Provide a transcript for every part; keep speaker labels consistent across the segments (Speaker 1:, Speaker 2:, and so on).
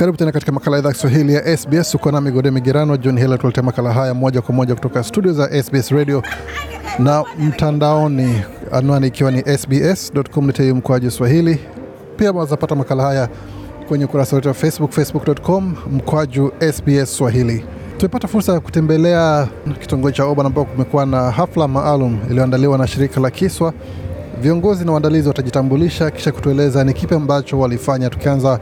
Speaker 1: Karibu tena katika makala ya idhaa Kiswahili ya SBS. Uko na Migode Migerano, John Hela, tuletea makala haya moja kwa moja kutoka studio za SBS Radio na mtandaoni, anwani ikiwa ni sbs.com.au mkoaji Swahili. Pia wazapata makala haya kwenye ukurasa wetu wa Facebook, facebook.com mkoaju SBS Swahili. Tumepata fursa ya kutembelea kitongoji cha Oban ambao kumekuwa na hafla maalum iliyoandaliwa na shirika la Kiswa. Viongozi na waandalizi watajitambulisha kisha kutueleza ni kipi ambacho walifanya, tukianza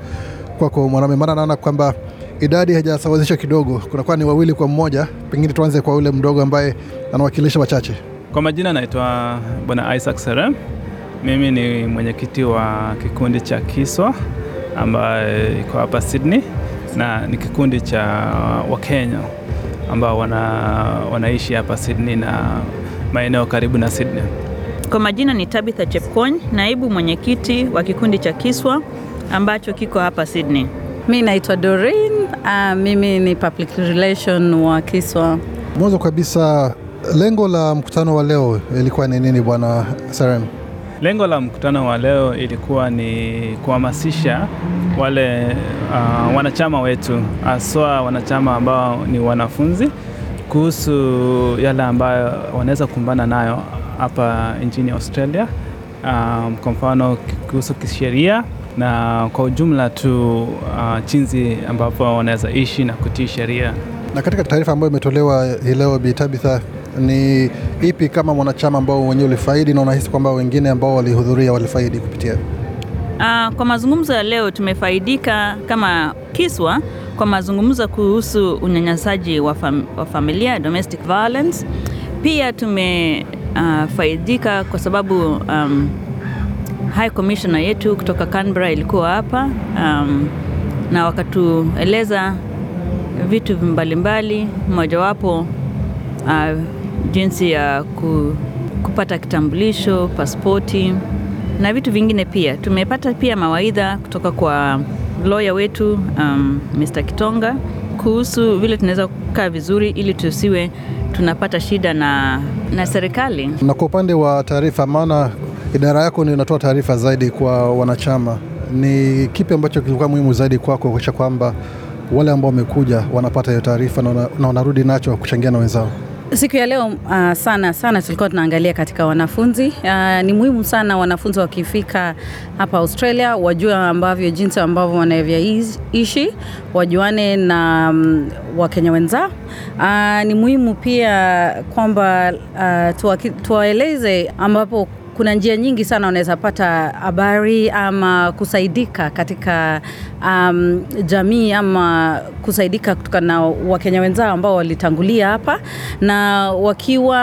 Speaker 1: kwako Mwaname? Maana naona kwamba idadi haijasawazishwa kidogo, kunakuwa ni wawili kwa mmoja. Pengine tuanze kwa ule mdogo ambaye anawakilisha wachache.
Speaker 2: Kwa majina naitwa Bwana Isaac Serem, mimi ni mwenyekiti wa kikundi cha Kiswa ambaye iko hapa Sydney na ni kikundi cha Wakenya ambao wana, wanaishi hapa Sydney na maeneo karibu na Sydney.
Speaker 3: Kwa majina ni Tabitha Chepkony, naibu mwenyekiti wa kikundi cha Kiswa ambacho kiko hapa Sydney.
Speaker 4: Mi naitwa Doreen. Uh, mimi ni public relation wa Kiswa.
Speaker 1: Mwanzo kabisa, lengo la mkutano wa leo ilikuwa ni nini, Bwana Serem?
Speaker 2: Lengo la mkutano wa leo ilikuwa ni kuhamasisha wale uh, wanachama wetu haswa wanachama ambao ni wanafunzi kuhusu yale ambayo wanaweza kukumbana nayo hapa nchini Australia, um, kwa mfano kuhusu kisheria na kwa ujumla tu uh, jinsi ambapo wanaweza ishi na kutii sheria.
Speaker 1: Na katika taarifa ambayo imetolewa hii leo, Bi Tabitha, ni ipi kama mwanachama ambao wenyewe ulifaidi na unahisi kwamba wengine ambao walihudhuria walifaidi kupitia?
Speaker 3: Uh, kwa mazungumzo ya leo tumefaidika kama Kiswa kwa mazungumzo kuhusu unyanyasaji wa, fam wa familia domestic violence. Pia tumefaidika ah, uh, kwa sababu um, high commissioner yetu kutoka Canberra ilikuwa hapa um, na wakatueleza vitu mbalimbali, mojawapo uh, jinsi ya ku, kupata kitambulisho, pasipoti na vitu vingine pia. Tumepata pia mawaidha kutoka kwa lawyer wetu um, Mr. Kitonga kuhusu vile tunaweza kukaa vizuri ili tusiwe tunapata shida na, na serikali.
Speaker 1: Na kwa upande wa taarifa, maana idara yako ndio inatoa taarifa zaidi kwa wanachama. Ni kipi ambacho kilikuwa muhimu zaidi kwako kuhakikisha kwamba wale ambao wamekuja wanapata hiyo taarifa na wanarudi nacho kuchangia na wenzao?
Speaker 4: Siku ya leo uh, sana sana tulikuwa tunaangalia katika wanafunzi uh, ni muhimu sana wanafunzi wakifika hapa Australia wajue ambavyo jinsi ambavyo wanavyoishi, wajuane na um, Wakenya wenzao. Uh, ni muhimu pia kwamba uh, tuwaeleze ambapo kuna njia nyingi sana unaweza pata habari ama kusaidika katika um, jamii ama kusaidika kutoka na Wakenya wenzao ambao walitangulia hapa, na wakiwa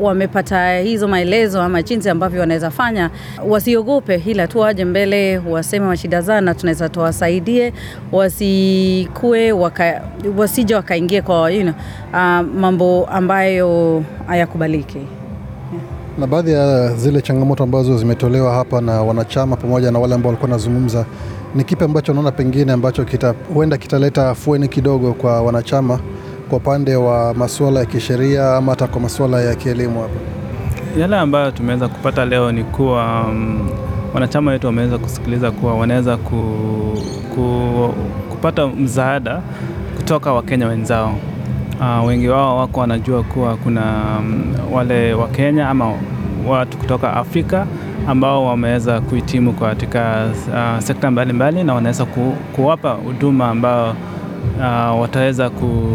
Speaker 4: wamepata hizo maelezo ama jinsi ambavyo wanaweza fanya, wasiogope, ila tu waje mbele, waseme mashida zao na tunaweza tuwasaidie, wasikue waka, wasije wakaingia kwa you know, uh, mambo ambayo hayakubaliki
Speaker 1: na baadhi ya zile changamoto ambazo zimetolewa hapa na wanachama pamoja na wale ambao walikuwa wanazungumza, ni kipi ambacho unaona pengine ambacho kita, huenda kitaleta afueni kidogo kwa wanachama kwa upande wa masuala ya kisheria ama hata kwa masuala ya kielimu hapa?
Speaker 2: Yale ambayo tumeweza kupata leo ni kuwa um, wanachama wetu wameweza kusikiliza kuwa wanaweza ku, ku, kupata msaada kutoka Wakenya wenzao uh, wengi wao wako wanajua kuwa kuna mm, wale wa kenya ama watu kutoka Afrika ambao wameweza kuhitimu katika uh, sekta mbalimbali mbali, na wanaweza ku, kuwapa huduma ambao uh, wataweza ku,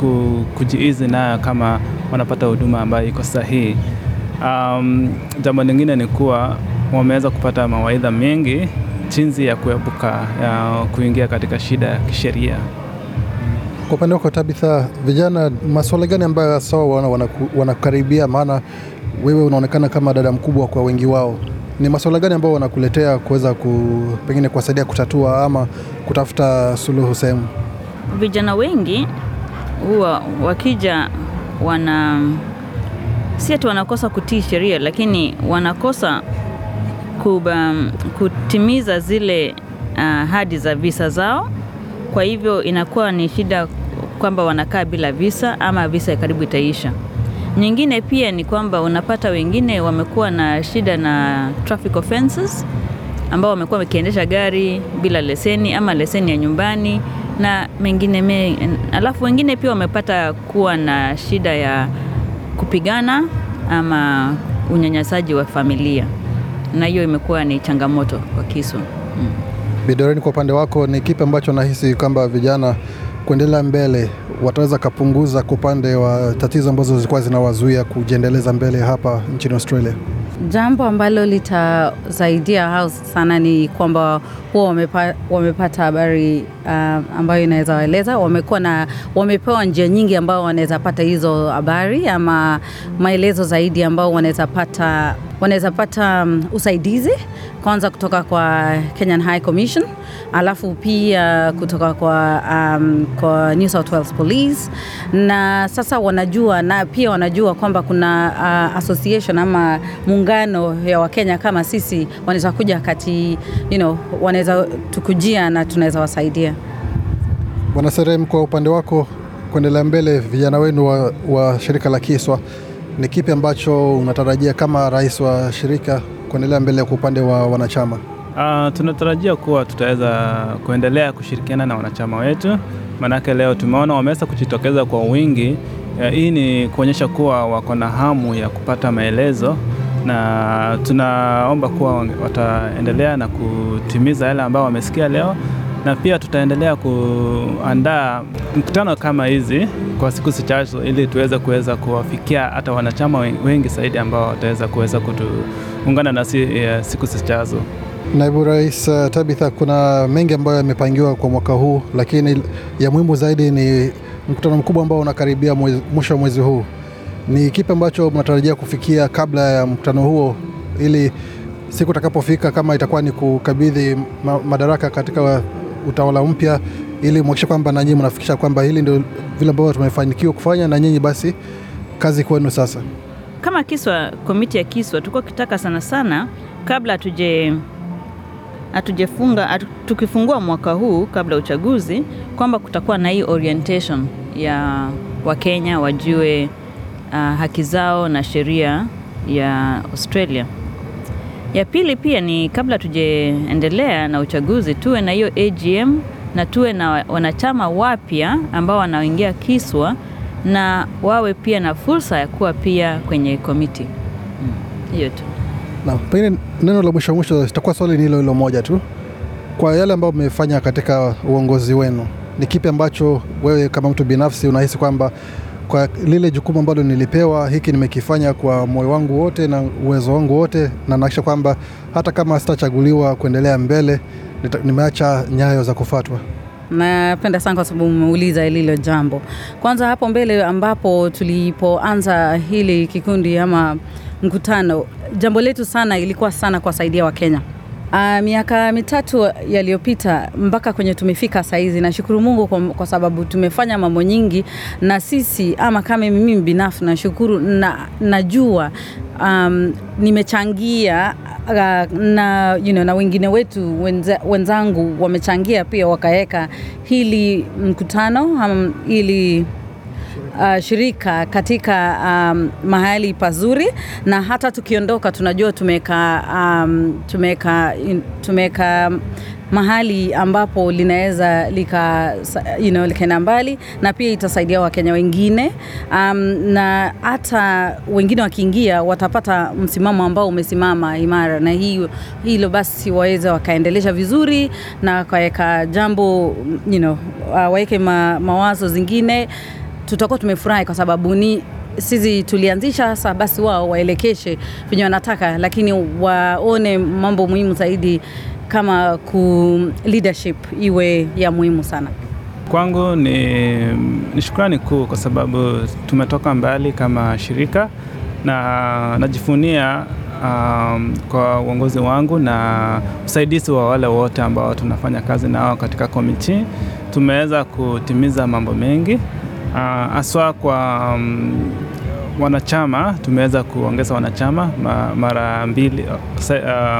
Speaker 2: ku, kujiizi nayo kama wanapata huduma ambayo iko sahihi. Um, jambo lingine ni kuwa wameweza kupata mawaidha mengi jinsi ya kuepuka kuingia katika shida ya kisheria.
Speaker 1: Kwa upande wako Tabitha, vijana masuala gani ambayo hasa wanakaribia? Maana wewe unaonekana kama dada mkubwa kwa wengi wao, ni masuala gani ambayo wanakuletea kuweza ku, pengine kuwasaidia kutatua ama kutafuta suluhu sehemu?
Speaker 3: Vijana wengi huwa wakija wana si ati wanakosa kutii sheria, lakini wanakosa kuba, kutimiza zile ah, ahadi za visa zao kwa hivyo inakuwa ni shida kwamba wanakaa bila visa ama visa karibu itaisha. Nyingine pia ni kwamba unapata wengine wamekuwa na shida na traffic offenses ambao wamekuwa wakiendesha gari bila leseni ama leseni ya nyumbani na mengine me, alafu wengine pia wamepata kuwa na shida ya kupigana ama unyanyasaji wa familia, na hiyo imekuwa ni changamoto kwa Kiswa mm.
Speaker 1: Bidoreni, kwa upande wako ni kipi ambacho nahisi kwamba vijana kuendelea mbele wataweza kapunguza kwa upande wa tatizo ambazo zilikuwa zinawazuia kujiendeleza mbele hapa nchini Australia?
Speaker 4: Jambo ambalo litasaidia hao sana ni kwamba huwa wamepa, wamepata habari uh, ambayo inaweza waeleza, wamekuwa na wamepewa njia nyingi ambao wanaweza pata hizo habari ama maelezo zaidi ambao wanaweza pata wanaweza pata um, usaidizi kwanza kutoka kwa Kenyan High Commission, alafu pia kutoka kwa, um, kwa New South Wales Police, na sasa wanajua na pia wanajua kwamba kuna uh, association ama muungano ya Wakenya kama sisi wanaweza kuja kati, you know, wanaweza tukujia na tunaweza wasaidia.
Speaker 1: Bwana Serem, kwa upande wako kuendelea mbele vijana wenu wa, wa shirika la Kiswa ni kipi ambacho unatarajia kama rais wa shirika kuendelea mbele kwa upande wa wanachama?
Speaker 2: Uh, tunatarajia kuwa tutaweza kuendelea kushirikiana na wanachama wetu, maanake leo tumeona wameweza kujitokeza kwa wingi. Eh, hii ni kuonyesha kuwa wako na hamu ya kupata maelezo na tunaomba kuwa wataendelea na kutimiza yale ambayo wamesikia leo na pia tutaendelea kuandaa mkutano kama hizi kwa siku zijazo, ili tuweze kuweza kuwafikia hata wanachama wengi zaidi ambao wataweza kuweza kutuungana nasi eh, siku zijazo.
Speaker 1: Naibu Rais eh, Tabitha, kuna mengi ambayo yamepangiwa kwa mwaka huu, lakini ya muhimu zaidi ni mkutano mkubwa ambao unakaribia mwisho wa mwezi huu. Ni kipi ambacho mnatarajia kufikia kabla ya mkutano huo, ili siku itakapofika, kama itakuwa ni kukabidhi madaraka katika utawala mpya, ili mwakisha kwamba na nyinyi mnafikisha kwamba hili ndio vile ambavyo tumefanikiwa kufanya, na nyinyi basi kazi kwenu sasa.
Speaker 3: Kama Kiswa, komiti ya Kiswa tuko kitaka sana sana kabla hatuje hatujefunga atu, tukifungua mwaka huu kabla uchaguzi kwamba kutakuwa na hii orientation ya Wakenya wajue uh, haki zao na sheria ya Australia. Ya pili pia ni kabla tujeendelea na uchaguzi, tuwe na hiyo AGM na tuwe na wanachama wapya ambao wanaoingia Kiswa na wawe pia na fursa ya kuwa pia kwenye komiti hmm, hiyo tu.
Speaker 1: Na pengine neno la mwisho mwisho itakuwa swali ni hilo hilo moja tu, kwa yale ambayo mmefanya katika uongozi wenu, ni kipi ambacho wewe kama mtu binafsi unahisi kwamba kwa lile jukumu ambalo nilipewa, hiki nimekifanya kwa moyo wangu wote na uwezo wangu wote, na nahakisha kwamba hata kama sitachaguliwa kuendelea mbele, nimeacha nyayo za kufuatwa.
Speaker 4: Napenda sana kwa sababu umeuliza lilo jambo. Kwanza hapo mbele ambapo tulipoanza hili kikundi ama mkutano, jambo letu sana ilikuwa sana kuwasaidia Wakenya. Uh, miaka mitatu yaliyopita mpaka kwenye tumefika saa hizi, nashukuru Mungu kwa, kwa sababu tumefanya mambo nyingi, na sisi ama kama mimi binafsi nashukuru na, najua um, nimechangia uh, na, you know, na wengine wetu wenza, wenzangu wamechangia pia wakaweka hili mkutano um, ili uh, shirika katika um, mahali pazuri, na hata tukiondoka tunajua tumeka, um, tumeka, tumeka mahali ambapo linaweza lika, you know, likaenda mbali na pia itasaidia Wakenya wengine um, na hata wengine wakiingia watapata msimamo ambao umesimama imara, na hii hilo basi waweze wakaendelesha vizuri na wakaweka jambo you know, uh, waweke ma, mawazo zingine tutakuwa tumefurahi kwa sababu ni sisi tulianzisha hasa, basi wao waelekeshe venye wanataka, lakini waone mambo muhimu zaidi kama ku leadership iwe ya muhimu sana.
Speaker 2: Kwangu ni, ni shukrani kuu kwa sababu tumetoka mbali kama shirika na najifunia um, kwa uongozi wangu na usaidizi wa wale wote ambao tunafanya kazi nao katika komiti. Tumeweza kutimiza mambo mengi. Ah, haswa kwa um, wanachama tumeweza kuongeza wanachama mara mbili,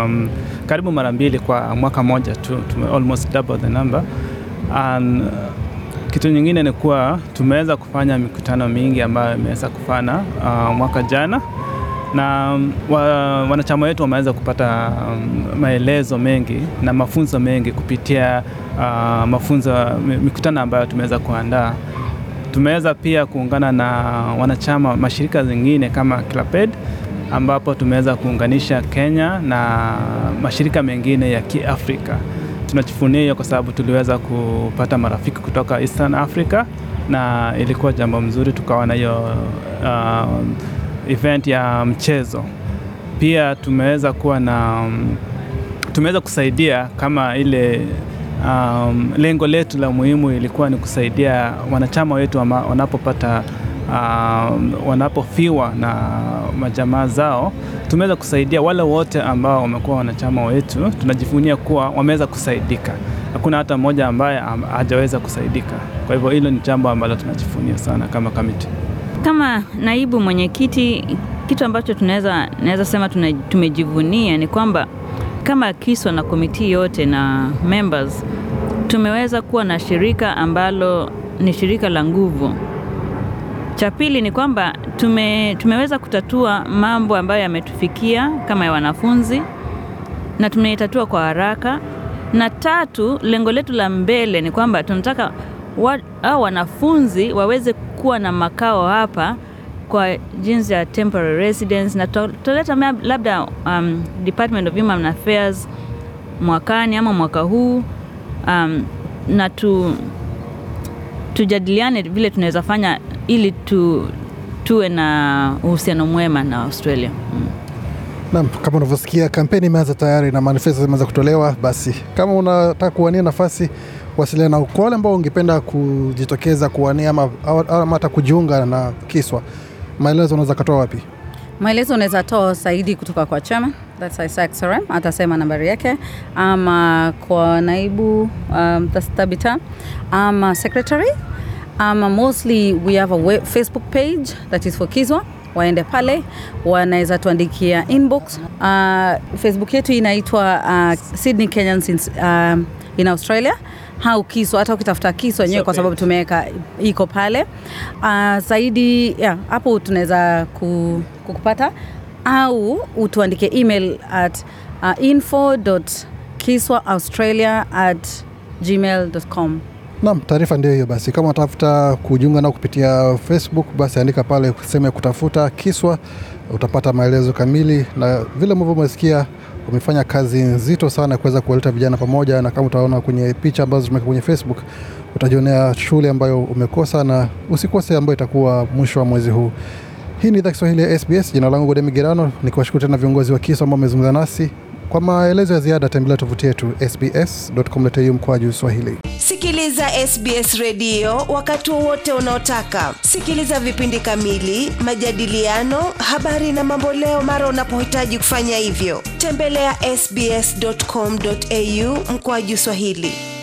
Speaker 2: um, karibu mara mbili kwa mwaka mmoja tu, tume almost double the number and uh, kitu nyingine ni kuwa tumeweza kufanya mikutano mingi ambayo imeweza kufana uh, mwaka jana na mm, wa, wanachama wetu wameweza kupata um, maelezo mengi na mafunzo mengi kupitia uh, mafunzo mikutano ambayo tumeweza kuandaa. Tumeweza pia kuungana na wanachama mashirika zingine kama Claped ambapo tumeweza kuunganisha Kenya na mashirika mengine ya Kiafrika. Tunajivunia hiyo kwa sababu tuliweza kupata marafiki kutoka Eastern Africa na ilikuwa jambo mzuri, tukawa na hiyo uh, event ya mchezo. Pia tumeweza kuwa na tumeweza kusaidia kama ile um, lengo letu la muhimu ilikuwa ni kusaidia wanachama wetu wanapopata um, wanapofiwa na majamaa zao, tumeweza kusaidia wale wote ambao wamekuwa wanachama wetu. Tunajivunia kuwa wameweza kusaidika, hakuna hata mmoja ambaye hajaweza kusaidika. Kwa hivyo hilo ni jambo ambalo tunajivunia sana kama kamiti.
Speaker 3: Kama naibu mwenyekiti, kitu ambacho tunaweza naweza sema tumejivunia ni kwamba kama KISWA na komiti yote na members tumeweza kuwa na shirika ambalo ni shirika la nguvu. Cha pili ni kwamba tume, tumeweza kutatua mambo ambayo yametufikia kama ya wanafunzi na tumeitatua kwa haraka. Na tatu, lengo letu la mbele ni kwamba tunataka wa, au wanafunzi waweze kuwa na makao hapa kwa jinsi ya temporary residence na tutaleta labda um, Department of Human Affairs mwakani ama mwaka huu um, na tu, tujadiliane vile tunaweza fanya ili tu, tuwe na uhusiano mwema na Australia mm.
Speaker 1: Naam, kama unavyosikia kampeni imeanza tayari na manifesto zimeanza kutolewa. Basi kama unataka kuwania nafasi, wasiliana kwa wale ambao ungependa kujitokeza kuwania ama hata kujiunga na Kiswa maelezo unaweza katoa wapi?
Speaker 4: Maelezo unaweza toa Saidi kutoka kwa chama that's Isaac Sorem, atasema nambari yake, ama kwa naibu um, Tabita ama secretary ama mostly we have a web, Facebook page that is for Kizwa waende pale, wanaweza tuandikia inbox. Uh, Facebook yetu inaitwa uh, Sydney Kenyans uh, in Australia au kisu, hata ukitafuta kiso wenyewe, kwa sababu tumeweka iko pale ah, zaidi. Uh, yeah, hapo tunaweza kukupata au utuandike email at uh, info.kiswaaustralia@gmail.com.
Speaker 1: Naam, taarifa ndio hiyo. Basi kama utafuta kujiunga nao kupitia Facebook, basi andika pale useme ya kutafuta Kiswa, utapata maelezo kamili na vile ambavyo umesikia wamefanya kazi nzito sana kuweza kuwaleta vijana pamoja, na kama utaona kwenye picha ambazo tumeweka kwenye Facebook utajionea shule ambayo umekosa na usikose ambayo itakuwa mwisho wa mwezi huu. Hii ni idhaa Kiswahili ya SBS. Jina langu Gode Migerano, kuwashukuru tena viongozi wa KISO ambao wamezungumza nasi. Kwa maelezo ya ziada tembelea tovuti yetu sbs.com.au mkwaju Swahili.
Speaker 3: Sikiliza SBS redio wakati wowote unaotaka. Sikiliza vipindi kamili, majadiliano, habari na mamboleo mara unapohitaji kufanya hivyo. Tembelea sbs.com.au mkwaju Swahili.